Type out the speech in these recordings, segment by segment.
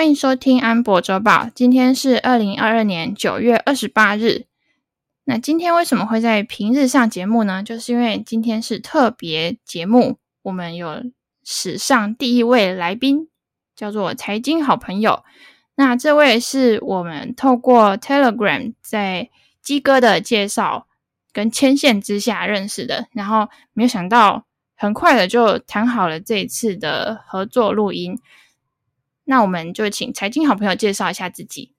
歡迎收聽安柏週報。今天是二零二二年九月二十八日。那今天為什麼會在平日上節目呢？就是因為今天是特別節目，我們有史上第一位來賓，叫做財經好彭友。那這位是我們透過 Telegram 在雞哥的介紹跟牽線之下認識的，然後沒有想到很快的就談好了這一次的合作錄音。那我們就請財經好彭友介紹一下自己。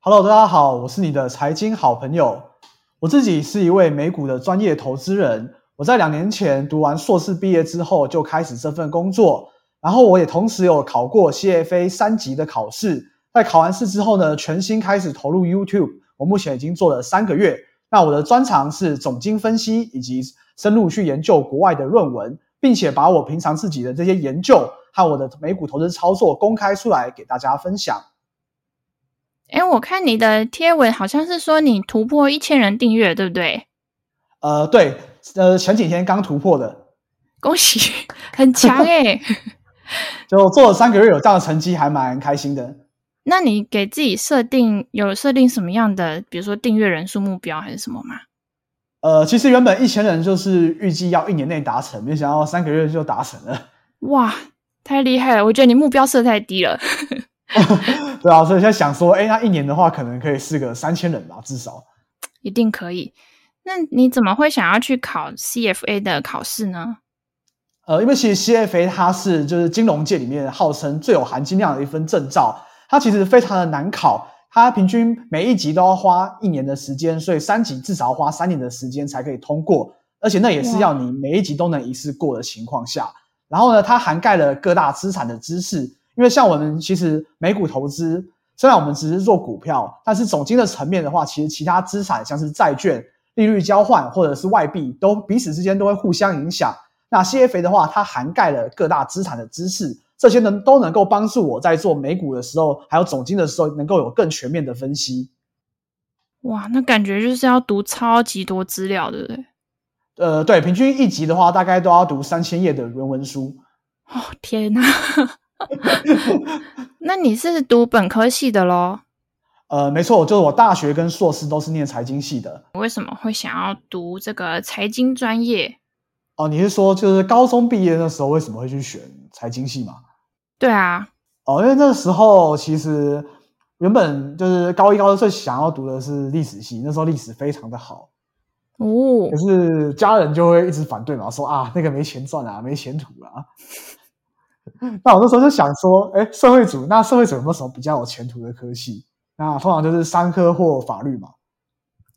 Hello，大家好，我是你的財經好彭友。我自己是一位美股的專業投資人。我在兩年前讀完碩士畢業之後，就開始這份工作。然後我也同時有考過 CFA 三級的考試。在考完試之後呢，全新開始投入 YouTube。我目前已經做了三個月。那我的專長是總經分析，以及深入去研究國外的論文，並且把我平常自己的這些研究。把我的美股投資操作公開出來給大家分享。欸，我看你的貼文好像是說你突破一千人訂閱，對不對？呃，對，呃，前幾天剛突破的。恭喜，很強欸！ 就做了三個月有這樣的成績，還蠻開心的。那你給自己設定有設定什麼樣的，比如說訂閱人數目標還是什麼嗎？呃，其實原本一千人就是預計要一年內達成，沒想到三個月就達成了。哇！太厲害了，我覺得你目標設太低了。 對啊，所以現在想說，哎、欸，那一年的話，可能可以是個三千人吧，至少一定可以。那你怎麼會想要去考 CFA 的考試呢？呃，因為其實 CFA 它是就是金融界裡面號稱最有含金量的一份證照，它其實非常的難考，它平均每一級都要花一年的時間，所以三級至少要花三年的時間才可以通過，而且那也是要你每一級都能一次過的情況下。然後呢，它涵蓋了各大資產的知識，因為像我們其實美股投資，雖然我們只是做股票，但是總經的層面的話，其實其他資產像是債券、利率交換或者是外幣，都彼此之間都會互相影響。那 CFA 的話，它涵蓋了各大資產的知識，這些能都能夠幫助我在做美股的時候，還有總經的時候，能夠有更全面的分析。哇，那感覺就是要讀超級多資料，對不對？呃，對，平均一集的話，大概都要讀三千頁的原文書。哦，天吶！ 那你是讀本科系的咯？呃，沒錯，就是我大學跟碩士都是念財經系的。為什麼會想要讀這個財經專業？哦，你是說就是高中畢業那時候為什麼會去選財經系嗎？對啊。哦，因為那時候其實原本就是高一高二最想要讀的是歷史系，那時候歷史非常的好。哦，可是家人就會一直反對嘛，說啊，那個沒錢賺啊，沒前途啊。 那我那時候就想說，哎、欸，社會主那社會主有沒有什麼比較有前途的科系？那通常就是商科或法律嘛。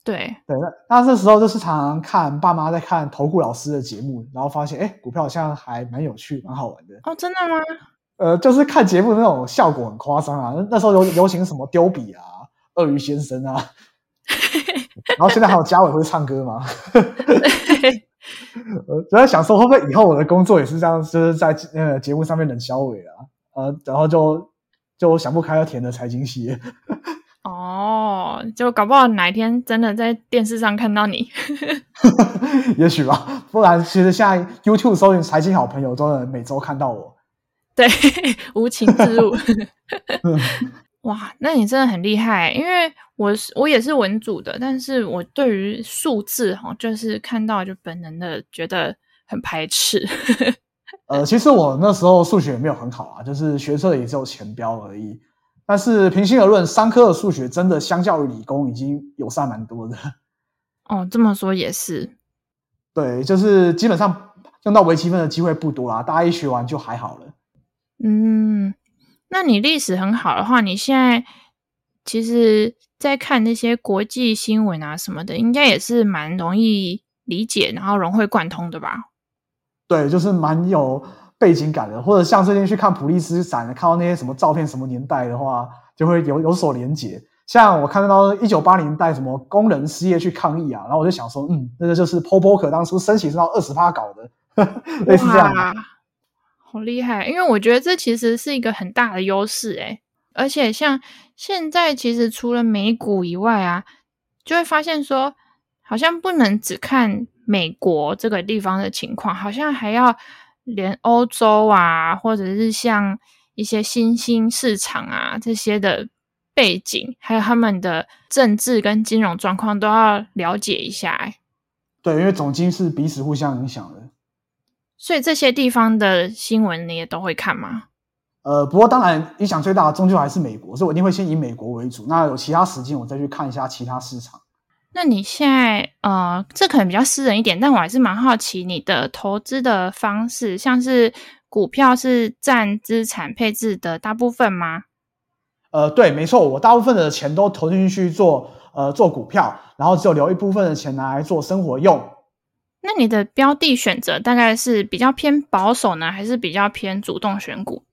對對，那那這時候就是常常看爸媽在看投顧老師的節目，然後發現，哎、欸，股票好像還蠻有趣，蠻好玩的。哦，真的嗎？呃，就是看節目那種效果很誇張啊，那那時候有流行什麼丟筆啊、鱷魚先生啊。 然後現在還有嘉偉會唱歌嗎？我 在想說，會不會以後我的工作也是這樣，就是在呃節目上面能小偉啊，呃，然後就就想不開要填的財經系。哦 、oh，就搞不好哪一天真的在電視上看到你， 也許吧。不然其實現在 YouTube 搜“財經好彭友”，都能每週看到我。對，無情之物。 嗯哇，那你真的很厲害，因為我是我也是文組的，但是我對於數字哈、哦，就是看到就本能的覺得很排斥。 呃，其實我那時候數學也沒有很好啊，就是學測也只有前標而已。但是平心而論，商科的數學真的相較於理工已經友善蠻多的。哦，這麼說也是。對，就是基本上用到微積分的機會不多啦、啊，大家一學完就還好了。嗯。那你歷史很好的話，你現在其實在看那些國際新聞啊什麼的，應該也是蠻容易理解，然後融會貫通的吧？對，就是蠻有背景感的。或者像最近去看普立茲展，看到那些什麼照片、什麼年代的話，就會有有所聯結。像我看得到一九八零年代什麼工人失業去抗議啊，然後我就想說，嗯，那個就是 Volcker 當初升息是到二十趴搞的，呵呵，類似這樣。好厲害，因為我覺得這其實是一個很大的優勢誒，而且像現在，其實除了美股以外啊，就會發現說，好像不能只看美國這個地方的情況，好像還要連歐洲啊，或者是像一些新興市場啊這些的背景，還有他們的政治跟金融狀況都要了解一下哎。對，因為總經是彼此互相影響的。所以這些地方的新聞你也都會看嗎？呃，不過當然影響最大的終究還是美國，所以我一定會先以美國為主。那有其他時間我再去看一下其他市場。那你現在呃，這可能比較私人一點，但我還是蠻好奇你的投資的方式，像是股票是佔資產配置的大部分嗎？呃，對，沒錯，我大部分的錢都投進去做呃做股票，然後只有留一部分的錢拿來做生活用。那你的標的選擇大概是比較偏保守呢，還是比較偏主動選股？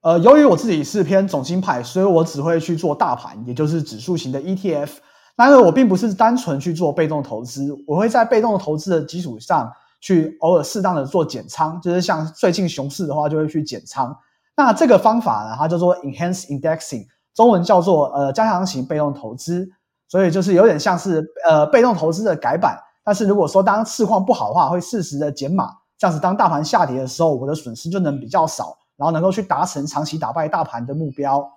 呃，由於我自己是偏總經派，所以我只會去做大盤，也就是指數型的 ETF。那因為我並不是單純去做被動投資，我會在被動投資的基礎上去偶爾適當的做減倉，就是像最近熊市的話就會去減倉。那這個方法呢，它叫做 Enhanced Indexing，中文叫做呃加強型被動投資，所以就是有點像是呃被動投資的改版。但是如果說當市況不好的話，會適時的減碼，這樣子當大盤下跌的時候，我的損失就能比較少，然後能夠去達成長期打敗大盤的目標。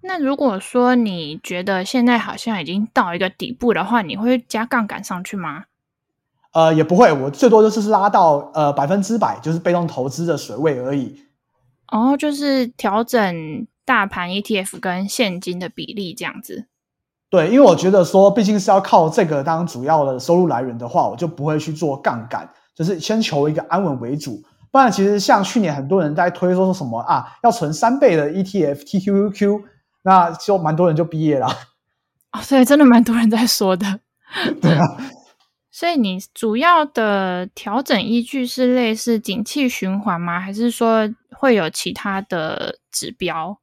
那如果說你覺得現在好像已經到一個底部的話，你會加槓桿上去嗎？呃，也不會，我最多就是拉到呃百分之百，就是被動投資的水位而已。哦，就是調整大盤 ETF 跟現金的比例，這樣子。對，因為我覺得說，畢竟是要靠這個當主要的收入來源的話，我就不會去做槓桿，就是先求一個安穩為主。不然，其實像去年很多人在推說說什麼啊，要存三倍的 ETF TQQQ，那就蠻多人就畢業了。哦，對，真的蠻多人在說的。 對啊，所以你主要的調整依據是類似景氣循環嗎？還是說會有其他的指標？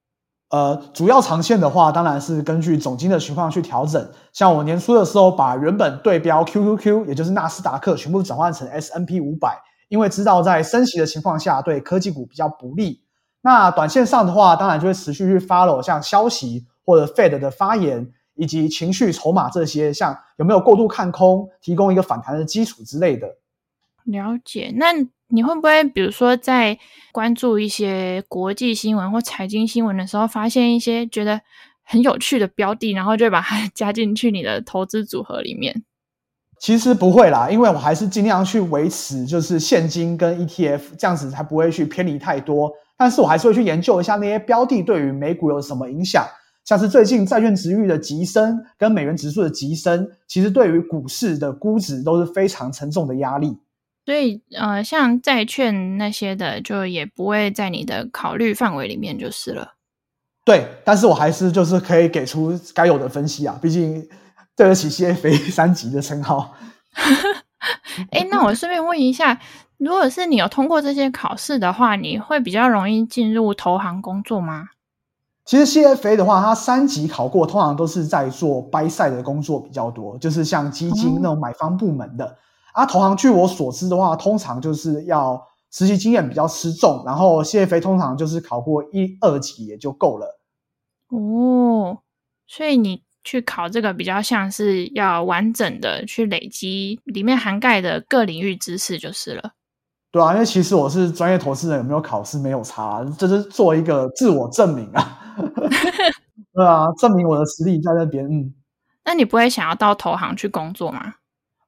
呃，主要長線的話，當然是根據總經的情況去調整。像我年初的時候，把原本對標 QQQ，也就是納斯達克，全部轉換成 S&P 五百，因為知道在升息的情況下，對科技股比較不利。那短線上的話，當然就會持續去 follow 像消息或者 Fed 的發言，以及情緒籌碼這些，像有沒有過度看空，提供一個反彈的基礎之類的。了解，那。你會不會比如說在關注一些國際新聞或財經新聞的時候，發現一些覺得很有趣的標的，然後就把它加進去你的投資組合裡面？其實不會啦，因為我還是盡量去維持就是現金跟 ETF 這樣子，才不會去偏離太多。但是我還是會去研究一下那些標的對於美股有什麼影響，像是最近債券殖利率的急升跟美元指數的急升，其實對於股市的估值都是非常沉重的壓力。所以呃，像債券那些的，就也不會在你的考慮範圍裡面就是了。對，但是我還是就是可以給出該有的分析啊，畢竟對得起 CFA 三級的稱號。哎、 欸，那我順便問一下， 如果是你有通過這些考試的話，你會比較容易進入投行工作嗎？其實 CFA 的話，它三級考過，通常都是在做 buy side 的工作比較多，就是像基金那種買方部門的。嗯啊，投行據我所知的話，通常就是要實習經驗比較吃重，然後謝飛通常就是考過一二級也就夠了。哦，所以你去考這個比較像是要完整的去累積裡面涵蓋的各領域知識就是了。對啊，因為其實我是專業投資人，有沒有考試沒有差，這就是做一個自我證明啊。 對啊，證明我的實力在那邊。嗯，那你不會想要到投行去工作嗎？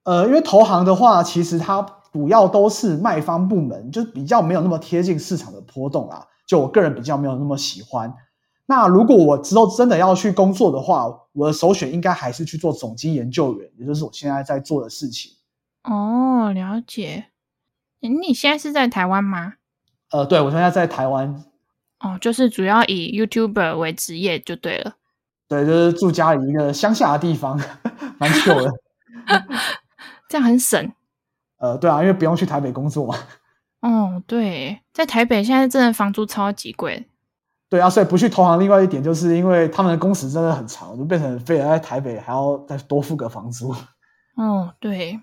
呃，因為投行的話，其實它主要都是賣方部門，就比較沒有那麼貼近市場的波動啊。就我個人比較沒有那麼喜歡。那如果我之後真的要去工作的話，我的首選應該還是去做總經研究員，也就是我現在在做的事情。哦，了解。你現在是在台灣嗎？呃，對，我現在在台灣。哦，就是主要以 YouTuber 為職業，就對了。對，就是住家裡一個鄉下的地方，蠻 秀巧的。 這樣很省，呃，對啊，因為不用去台北工作嘛。哦，對，在台北現在真的房租超級貴。對啊，所以不去投行，另外一點就是因為他們的工時真的很長，就變成非得在台北還要再多付個房租。哦，對，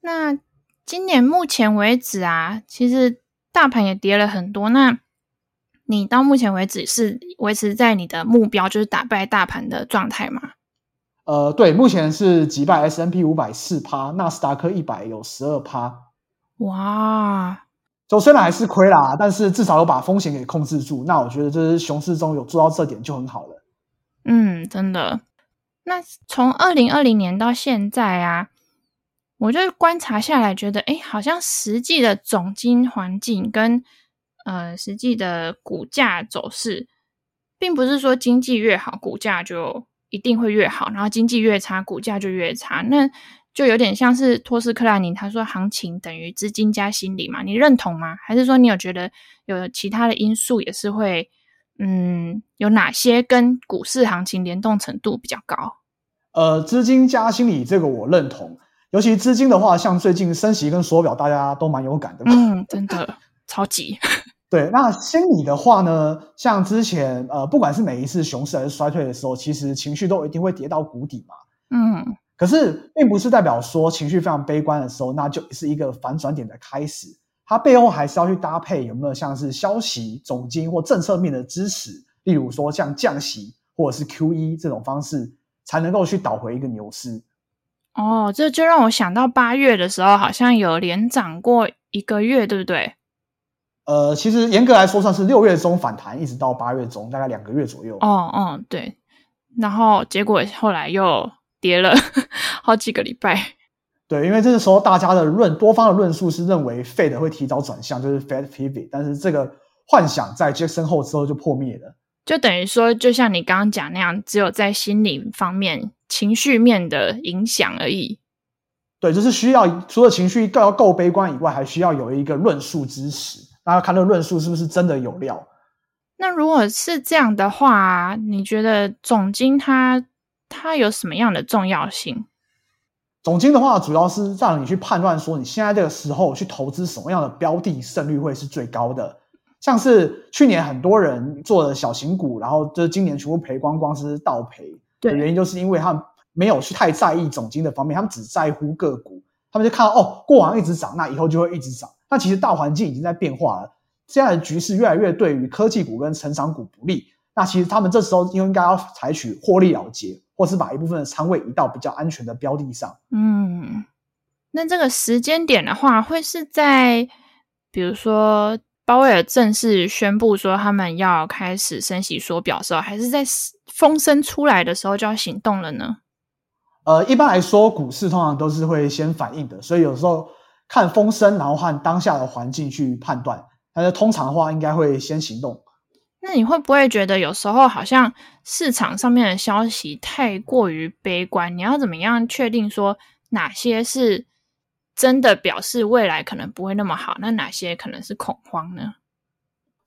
那今年目前為止啊，其實大盤也跌了很多。那你到目前為止是維持在你的目標，就是打敗大盤的狀態嗎？呃，對，目前是擊敗 S&P 五百四趴，納斯達克一百有十二趴，哇，就雖然還是虧啦，但是至少有把風險給控制住。那我覺得這是熊市中有做到這點就很好了。嗯，真的。那從二零二零年到現在啊，我就觀察下來，覺得哎，好像實際的總經環境跟呃實際的股價走勢，並不是說經濟越好，股價就。一定會越好，然後經濟越差，股價就越差，那就有點像是托斯克拉尼他說，行情等於資金加心理嘛，你認同嗎？還是說你有覺得有其他的因素也是會，嗯，有哪些跟股市行情聯動程度比較高？呃，資金加心理這個我認同，尤其資金的話，像最近升息跟縮表大家都蠻有感的，嗯，真的 超級。對，那心理的話呢，像之前呃，不管是每一次熊市還是衰退的時候，其實情緒都一定會跌到谷底嘛。嗯，可是並不是代表說情緒非常悲觀的時候，那就是一個反轉點的開始。它背後還是要去搭配有沒有像是消息、總經或政策面的支持，例如說像降息或者是 QE 這種方式，才能夠去導回一個牛市。哦，這就讓我想到八月的時候，好像有連漲過一個月，對不對？呃，其實嚴格來說，算是六月中反彈，一直到八月中，大概兩個月左右。哦哦，對。然後結果後來又跌了 好幾個禮拜。對，因為這個時候大家的論，多方的論述是認為 Fed 會提早轉向，就是 Fed pivot，但是這個幻想在 Jackson Hole 之後就破滅了。就等於說，就像你剛剛講那樣，只有在心理方面、情緒面的影響而已。對，就是需要除了情緒要夠，夠悲觀以外，還需要有一個論述支持。那看這個論述是不是真的有料？那如果是這樣的話，你覺得總經它它有什麼樣的重要性？總經的話，主要是讓你去判斷說，你現在這個時候去投資什麼樣的標的，勝率會是最高的。像是去年很多人做了小型股，然後就是今年全部賠光光是倒賠。對，原因就是因為他們沒有去太在意總經的方面，他們只在乎個股，他們就看到哦，過往一直漲，那以後就會一直漲。那其實大環境已經在變化了，現在的局勢越來越對於科技股跟成長股不利。那其實他們這時候應該要採取獲利了結，或是把一部分的倉位移到比較安全的標的上。嗯，那這個時間點的話，會是在比如說鮑威爾正式宣布說他們要開始升息縮表的時候，還是在風聲出來的時候就要行動了呢？呃，一般來說，股市通常都是會先反應的，所以有時候。看風聲，然後和當下的環境去判斷。但是通常的話，應該會先行動。那你會不會覺得有時候好像市場上面的消息太過於悲觀？你要怎麼樣確定說哪些是真的表示未來可能不會那麼好？那哪些可能是恐慌呢？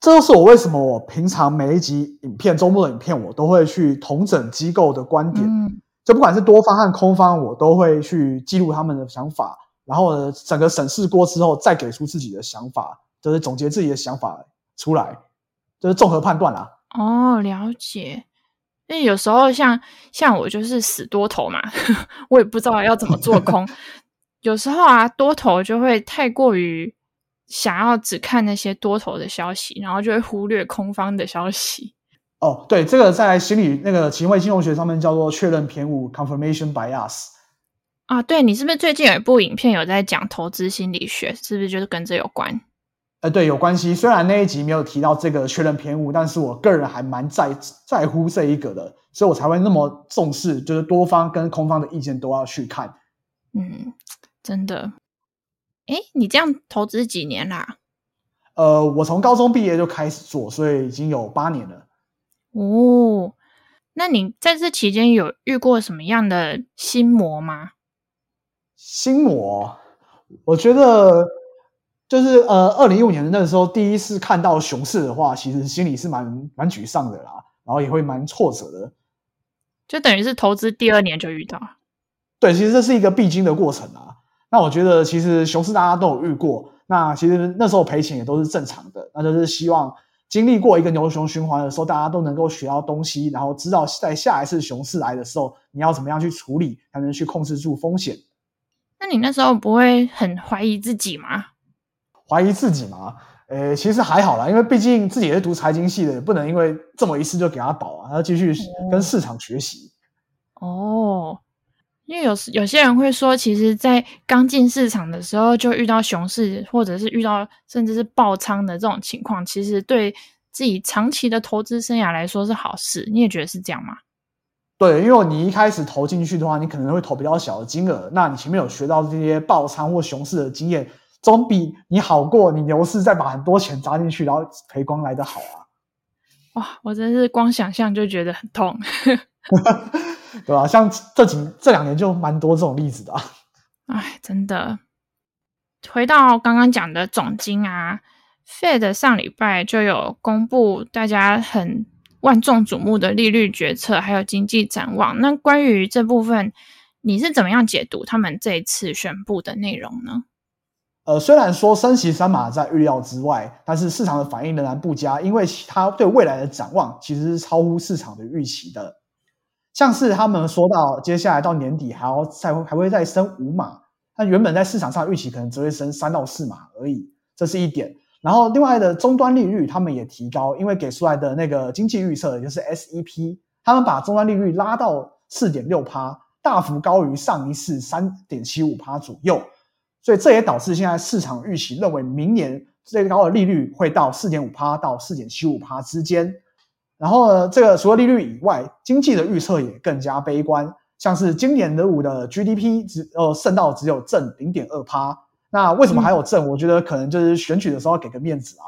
這都是我為什麼我平常每一集影片、週末的影片，我都會去統整機構的觀點、嗯。就不管是多方和空方，我都會去記錄他們的想法。然後呢，整個審視過之後，再給出自己的想法，就是總結自己的想法出來，就是綜合判斷啦。哦，了解。因為有時候像像我就是死多頭嘛呵呵，我也不知道要怎麼做空。 有時候啊，多頭就會太過於想要只看那些多頭的消息，然後就會忽略空方的消息。哦，對，這個在心理那個行為金融學上面叫做確認偏誤 （confirmation bias）。啊，對，你是不是最近有一部影片有在講投資心理學？是不是就是跟這有關？呃，對，有關係。雖然那一集沒有提到這個確認偏誤，但是我個人還蠻在在乎這一個的，所以我才會那麼重視，就是多方跟空方的意見都要去看。嗯，真的。誒，你這樣投資幾年啦？呃，我從高中畢業就開始做，所以已經有八年了。哦，那你在這期間有遇過什麼樣的心魔嗎？心魔，我覺得就是呃，二零一五年的那個時候第一次看到熊市的話，其實心裡是蠻蠻沮喪的啦，然後也會蠻挫折的。就等於是投資第二年就遇到。對，其實這是一個必經的過程啦。那我覺得其實熊市大家都有遇過，那其實那時候賠錢也都是正常的。那就是希望經歷過一個牛熊循環的時候，大家都能夠學到東西，然後知道在下一次熊市來的時候，你要怎麼樣去處理，才能去控制住風險。那你那時候不會很懷疑自己嗎？懷疑自己嗎？呃，其實還好啦，因為畢竟自己也是讀財經系的，也不能因為這麼一次就給他倒啊，要繼續跟市場學習。哦。哦，因為有有些人會說，其實，在剛進市場的時候就遇到熊市，或者是遇到甚至是爆倉的這種情況，其實對自己長期的投資生涯來說是好事。你也覺得是這樣嗎？對，因為你一開始投進去的話，你可能會投比較小的金額。那你前面有學到這些爆倉或熊市的經驗，總比你好過你牛市再把很多錢砸進去然後賠光來得好啊！哇、哦，我真是光想象就覺得很痛， 對啊，像這幾這兩年就蠻多這種例子的啊。哎，真的，回到剛剛講的總經啊，Fed 上禮拜就有公布，大家很萬眾矚目的利率決策，還有經濟展望。那關於這部分，你是怎麼樣解讀他們這一次宣布的內容呢？呃，雖然說升息三碼在預料之外，但是市場的反應仍然不佳，因為其他對未來的展望其實是超乎市場的預期的。像是他們說到接下來到年底還要再還會再升五碼，那原本在市場上預期可能只會升三到四碼而已，這是一點。然後，另外的終端利率他們也提高，因為給出來的那個經濟預測，也就是 SEP，他們把終端利率拉到四點六趴，大幅高於上一次三點七五趴左右。所以這也導致現在市場預期認為，明年最高的利率會到四點五趴到四點七五趴之間。然後呢，這個除了利率以外，經濟的預測也更加悲觀，像是今年的五的 GDP 只呃剩到只有正零點二趴。那為什麼還有證，嗯，我覺得可能就是選舉的時候要給個面子啊。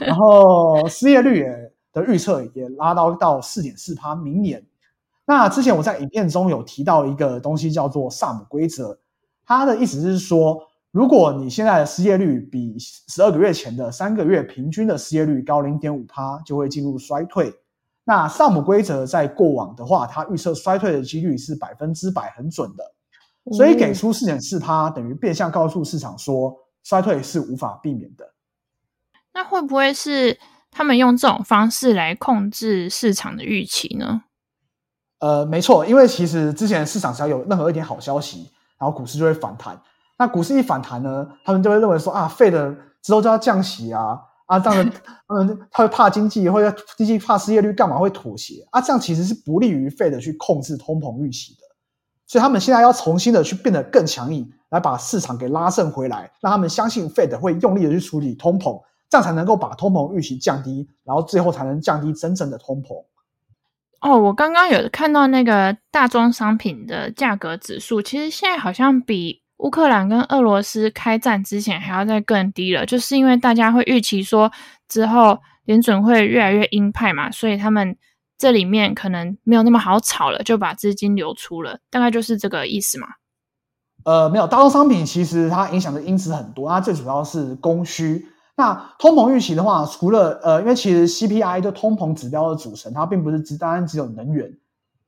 然後失業率也的預測也拉到到四點四趴，明年。那之前我在影片中有提到一個東西叫做薩姆規則，它的意思是說，如果你現在的失業率比十二個月前的三個月平均的失業率高零點五趴，就會進入衰退。那薩姆規則在過往的話，它預測衰退的幾率是百分之百，很準的。所以給出四點四趴，等於變相告訴市場說衰退是無法避免的。那會不會是他們用這種方式來控制市場的預期呢？呃，沒錯，因為其實之前市場上有任何一點好消息，然後股市就會反彈。那股市一反彈呢，他們就會認為說啊，Fed 之後就要降息啊，啊，當然， 他們他會怕經濟，或者經濟怕失業率，幹嘛會妥協？啊，這樣其實是不利於 Fed 去控制通膨預期。所以他們現在要重新的去變得更強硬，來把市場給拉升回來，讓他們相信 Fed 會用力的去處理通膨，這樣才能夠把通膨預期降低，然後最後才能降低真正的通膨。哦，我剛剛有看到那個大宗商品的價格指數，其實現在好像比烏克蘭跟俄羅斯開戰之前還要再更低了，就是因為大家會預期說之後聯準會越來越鷹派嘛，所以他們。這裡面可能沒有那麼好炒了，就把資金流出了，大概就是這個意思嘛。呃，沒有，大宗商品其實它影響的因子很多，它最主要是供需。那通膨預期的話，除了呃，因為其實 CPI 就通膨指標的組成，它並不是只單單只有能源。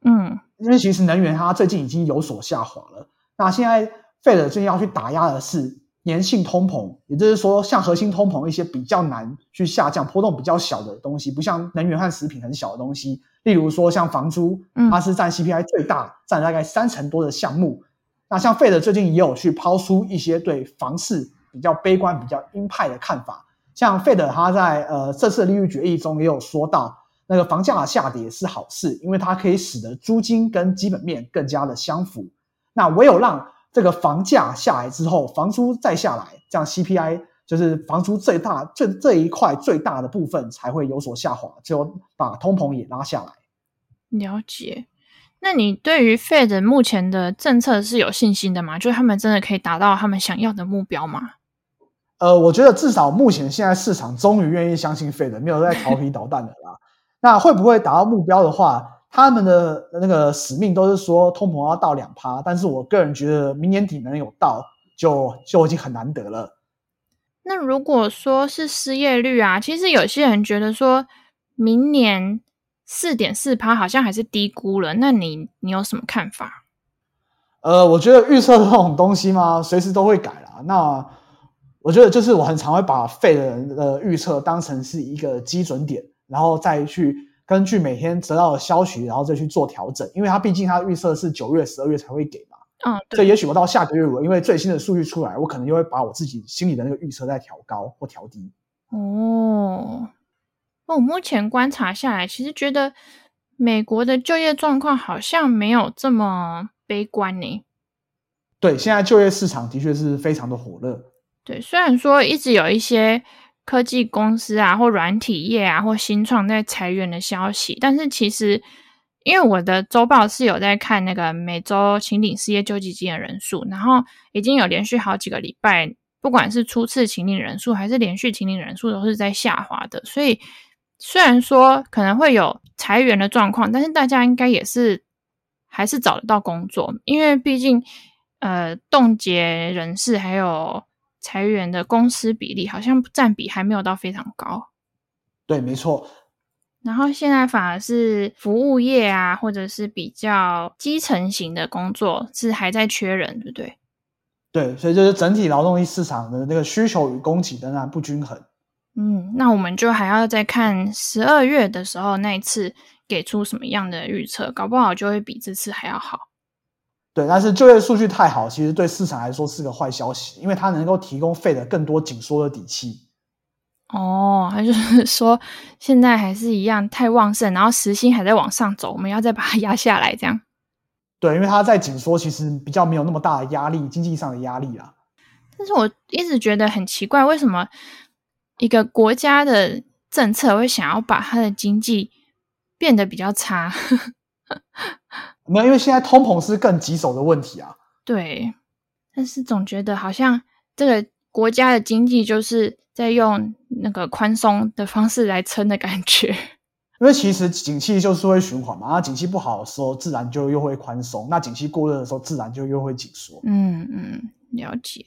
嗯，因為其實能源它最近已經有所下滑了，那現在 Fed 最近要去打壓的是，粘性通膨，也就是說，像核心通膨一些比較難去下降、波動比較小的東西，不像能源和食品很小的東西。例如說，像房租，嗯、它是占 CPI 最大，占大概三成多的項目。那像費德最近也有去拋出一些對房市比較悲觀、比較鷹派的看法。像費德，他在呃這次利率決議中也有說到，那個房價的下跌是好事，因為它可以使得租金跟基本面更加的相符。那唯有讓這個房價下來之後，房租再下來，這樣 CPI 就是房租最大，最這一塊最大的部分才會有所下滑，就把通膨也拉下來。了解。那你對於 Fed 目前的政策是有信心的嗎？就是，他們真的可以達到他們想要的目標嗎？呃，我覺得至少目前現在市場終於願意相信 Fed 沒有在調皮搗蛋的啦。 那會不會達到目標的話，他們的那個使命都是說通膨要到兩趴，但是我個人覺得明年底能有到，就就已經很難得了。那如果說是失業率啊，其實有些人覺得說明年四點四趴好像還是低估了。那你你有什麼看法？呃，我覺得預測這種東西嘛，隨時都會改了。那我覺得就是我很常會把費人的預測當成是一個基準點，然後再去。根據每天得到的消息，然後再去做調整，因為它畢竟它預測是九月、十二月才會給嘛。嗯、哦，所以也許我到下個月，我因為最新的數據出來，我可能又會把我自己心裡的那個預測再調高或調低。哦，那、哦、我目前觀察下來，其實覺得美國的就業狀況好像沒有這麼悲觀呢。對，現在就業市場的確是非常的火熱。對，雖然說一直有一些。科技公司啊，或軟體業啊，或新創在裁員的消息。但是其實，因為我的週報是有在看那個每周請領失業救濟金的人數，然後已經有連續好幾個禮拜，不管是初次請領人數還是連續請領人數，都是在下滑的。所以雖然說可能會有裁員的狀況，但是大家應該也是還是找得到工作，因為畢竟呃凍結人事還有。裁員的公司比例好像占比還沒有到非常高，對，沒錯。然後現在反而是服務業啊，或者是比較基層型的工作是還在缺人，對不對？對，所以就是整體勞動力市場的那個需求與供給仍然不均衡。嗯，那我們就還要再看十二月的時候那一次給出什麼樣的預測，搞不好就會比這次還要好。對，但是就業數據太好，其實對市場來說是個壞消息，因為它能夠提供 Fed 更多緊縮的底氣。哦，還、就是說現在還是一樣太旺盛，然後時薪還在往上走，我們要再把它壓下來，這樣？對，因為它在緊縮，其實比較沒有那麼大的壓力，經濟上的壓力啊。但是我一直覺得很奇怪，為什麼一個國家的政策會想要把它的經濟變得比較差？ 那因為現在通膨是更棘手的問題啊。對，但是總覺得好像這個國家的經濟就是在用那個寬鬆的方式來撐的感覺。因為其實景氣就是會循環嘛，那景氣不好的時候自然就又會寬鬆，那景氣過熱的時候自然就又會緊縮。嗯嗯，了解。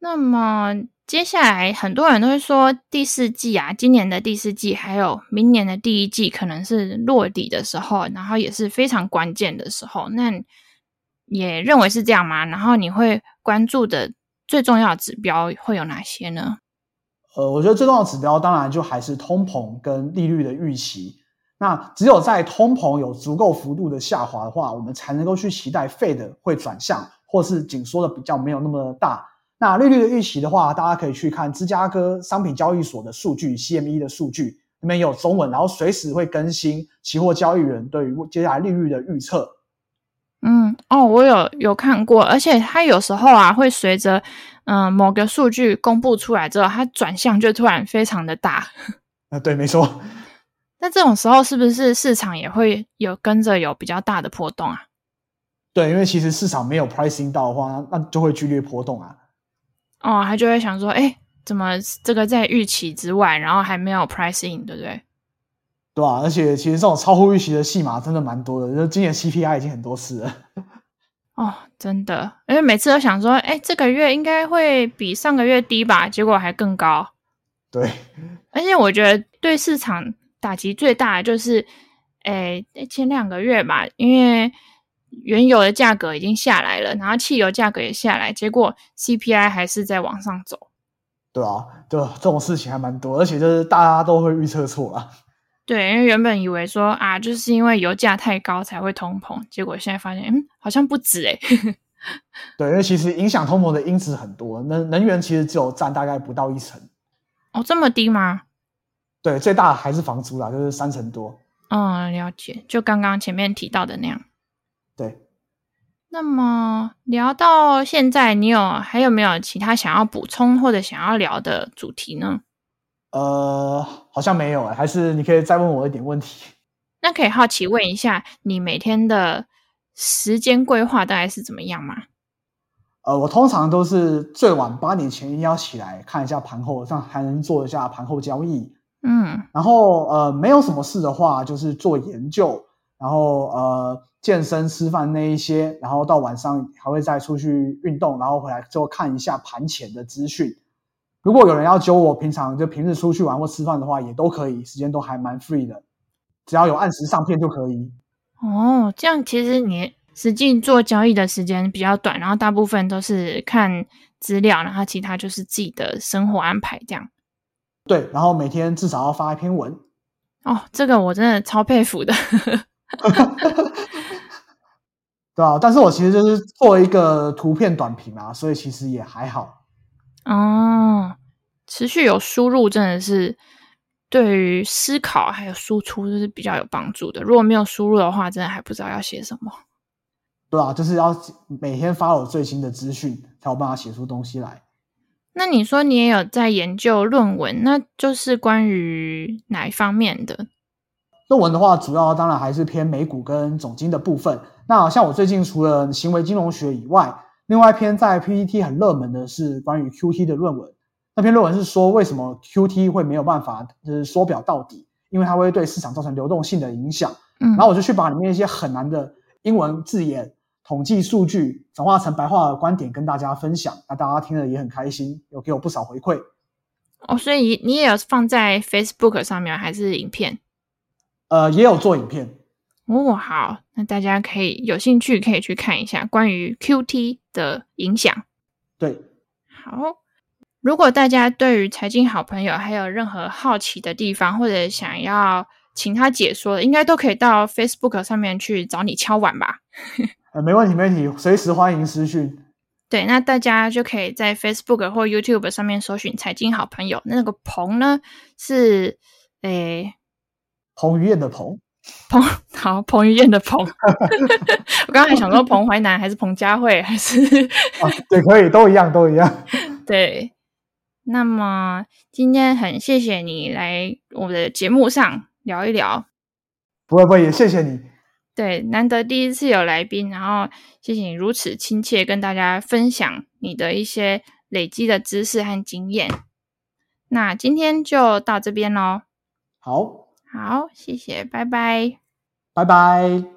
那麼。接下來很多人都會說第四季啊，今年的第四季還有明年的第一季可能是落底的時候，然後也是非常關鍵的時候。那也認為是這樣嗎？然後你會關注的最重要的指標會有哪些呢？呃，我覺得最重要的指標當然就還是通膨跟利率的預期。那只有在通膨有足夠幅度的下滑的話，我們才能夠去期待 Fed 會轉向，或是緊縮的比較沒有那麼大。那利率的預期的話，大家可以去看芝加哥商品交易所的數據 （CME） 的數據，裡面有中文，然後隨時會更新期貨交易員對於接下來利率的預測。嗯，哦，我有有看過，而且他有時候啊，會隨着嗯、呃、某個數據公布出來之後，它轉向就突然非常的大。啊、呃，對，沒錯。那這種時候是不是市場也會有跟着有比較大的波動啊？對，因為其實市場沒有 pricing 到的話，那就會劇烈波動啊。哦，他就會想說，哎、欸，怎麼這個在預期之外，然後還沒有 pricing，對不對？對啊，而且其實這種超乎預期的戲碼真的蠻多的。那今年 CPI 已經很多次了。哦，真的，而且每次都想說，哎、欸，這個月應該會比上個月低吧，結果還更高。對，而且我覺得對市場打擊最大的就是，哎、欸，前兩個月吧，因為。原油的價格已經下來了，然後汽油價格也下來，結果 CPI 還是在往上走。對啊，對，這種事情還蠻多，而且就是大家都會預測錯了。對，因為原本以為說啊，就是因為油價太高才會通膨，結果現在發現，嗯，好像不止哎、欸。 對，因為其實影響通膨的因子很多，能能源其實只有占大概不到一成。哦，這麼低嗎？對，最大的還是房租啦，就是三成多。嗯，了解。就剛剛前面提到的那樣。對，那麼聊到現在，你有還有沒有其他想要補充或者想要聊的主題呢？呃，好像沒有哎，還是你可以再問我一點問題。那可以好奇問一下，你每天的時間規劃大概是怎麼樣嗎？呃，我通常都是最晚八點前一定要起來看一下盤後，這樣還能做一下盤後交易。嗯，然後呃，沒有什麼事的話，就是做研究，然後呃。健身、吃飯那一些，然後到晚上還會再出去運動，然後回來就看一下盤前的資訊。如果有人要揪我，平常就平日出去玩或吃飯的話，也都可以，時間都還蠻 free 的，只要有按時上片就可以。哦，這樣其實你實際做交易的時間比較短，然後大部分都是看資料，然後其他就是自己的生活安排這樣。對，然後每天至少要發一篇文。哦，這個我真的超佩服的。 對啊，但是我其實就是做一個圖片短評啊，所以其實也還好。哦，持續有輸入真的是對於思考還有輸出就是比較有幫助的。如果沒有輸入的話，真的還不知道要寫什麼。對啊，就是要每天發我最新的資訊才有辦法寫出東西來。那你說你也有在研究論文，那就是關於哪一方面的？論文的話，主要當然還是偏美股跟總經的部分。那像我最近除了行為金融學以外，另外一篇在 PTT 很熱門的是關於 QT 的論文。那篇論文是說為什麼 QT 會沒有辦法就是縮表到底，因為它會對市場造成流動性的影響。嗯，然後我就去把裡面一些很難的英文字眼、統計數據轉化成白話的觀點跟大家分享。那大家聽了也很開心，有給我不少回饋。哦，所以你也有放在 Facebook 上面還是影片？呃，也有做影片哦。好，那大家可以有興趣可以去看一下關於 QT 的影響。對，好。如果大家對於財經好彭友還有任何好奇的地方，或者想要請他解說，應該都可以到 Facebook 上面去找你敲碗吧。 呃，沒問題，沒問題，隨時歡迎私訊。對，那大家就可以在 Facebook 或 YouTube 上面搜尋財經好彭友。那個彭呢，是誒。欸彭於晏的彭，彭，彭，好，彭於晏的彭。 我剛剛還想說彭淮南還是彭佳慧還是、啊，對，可以都一樣都一樣。對，那麼今天很謝謝你來我們的節目上聊一聊。不會不會，也謝謝你。對，難得第一次有來賓，然後謝謝你如此親切跟大家分享你的一些累積的知識和經驗。那今天就到這邊嘍。好。好，謝謝，拜拜，拜拜。